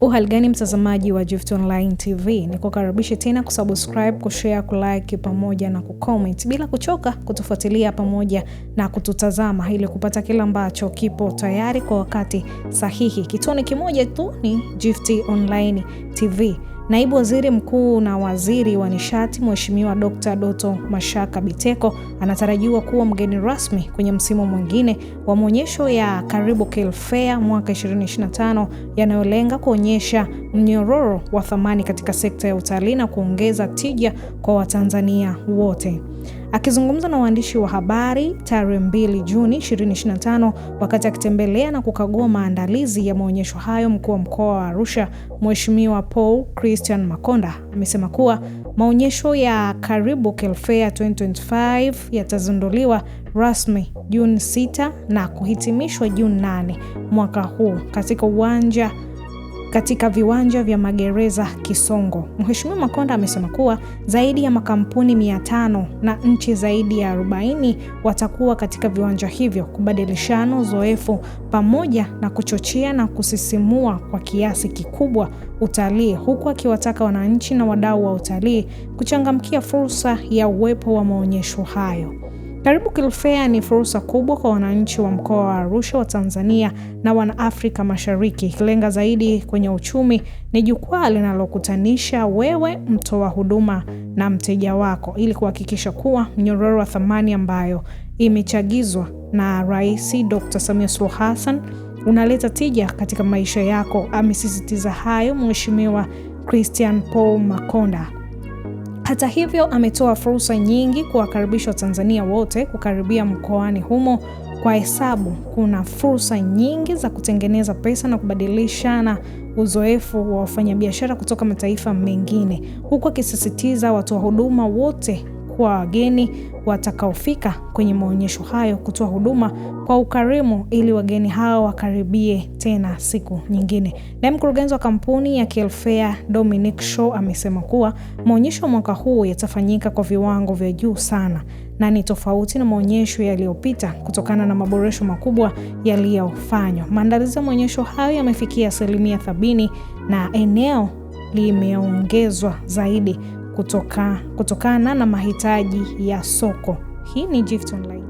Uhaligani mtazamaji wa Gift Online TV, ni kukaribishe tena kusubscribe, kushare, kulike pamoja na kucomment bila kuchoka, kutufuatilia pamoja na kututazama ili kupata kila ambacho kipo tayari kwa wakati sahihi. Kituo ni kimoja tu, ni Gift Online TV. Naibu Waziri Mkuu na Waziri wa Nishati Mheshimiwa Dkt. Doto Mashaka Biteko anatarajiwa kuwa mgeni rasmi kwenye msimu mwingine wa maonyesho ya Karibu Kale mwaka 2025 yanayolenga kuonyesha mnyororo wa thamani katika sekta ya utalii na kuongeza tija kwa Watanzania wote. Akizungumza na waandishi wa habari tarehe 2 Juni 2025 wakati akitembelea na kukagua maandalizi ya maonyesho hayo, mkuu wa mkoa wa Arusha Mheshimiwa Paul Christian Makonda amesema kuwa maonyesho ya Karibu kelfea Fair 2025 yatazinduliwa rasmi Juni 6 na kuhitimishwa Juni 8 mwaka huu katika uwanja katika viwanja vya magereza Kisongo. Mheshimiwa Makonda amesema kuwa zaidi ya makampuni mia tano na nchi zaidi ya 40 watakuwa katika viwanja hivyo kubadilishana uzoefu pamoja na kuchochea na kusisimua kwa kiasi kikubwa utalii, huku akiwataka wananchi na wadau wa utalii kuchangamkia fursa ya uwepo wa maonyesho hayo. Karibu kilfea ni fursa kubwa kwa wananchi wa mkoa wa Arusha wa Tanzania na wanaafrika Mashariki, ikilenga zaidi kwenye uchumi. Ni jukwaa linalokutanisha wewe, mtoa huduma na mteja wako, ili kuhakikisha kuwa mnyororo wa thamani ambayo imechagizwa na Rais Dr. Samia Suluhu Hassan unaleta tija katika maisha yako. Amesisitiza hayo Mheshimiwa Christian Paul Makonda. Hata hivyo, ametoa fursa nyingi kuwakaribisha Watanzania wote kukaribia mkoani humo kwa hesabu kuna fursa nyingi za kutengeneza pesa na kubadilishana uzoefu wa wafanyabiashara kutoka mataifa mengine, huku akisisitiza watoa huduma wote kuwa wageni watakaofika kwenye maonyesho hayo kutoa huduma kwa ukarimu ili wageni hao wakaribie tena siku nyingine. Naye mkurugenzi wa kampuni ya Keel Dominic show amesema kuwa maonyesho mwaka huu yatafanyika kwa viwango vya juu sana na ni tofauti na maonyesho yaliyopita kutokana na maboresho makubwa yaliyofanywa. Maandalizi ya maonyesho hayo yamefikia asilimia sabini na eneo limeongezwa zaidi kutoka, kutokana na mahitaji ya soko. Hii ni Gift Online.